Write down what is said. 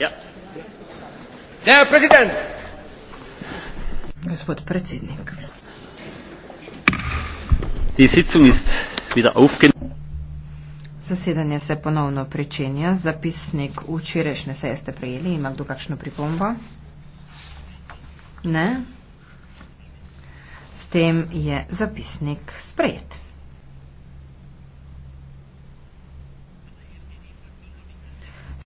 Ja. Herr Präsident! Gospod predsednik. Zasedanje se ponovno pričenja. Zapisnik včerajšnje seje ste prejeli. Ima kdo kakšno pripombo? Ne. S tem je zapisnik sprejet.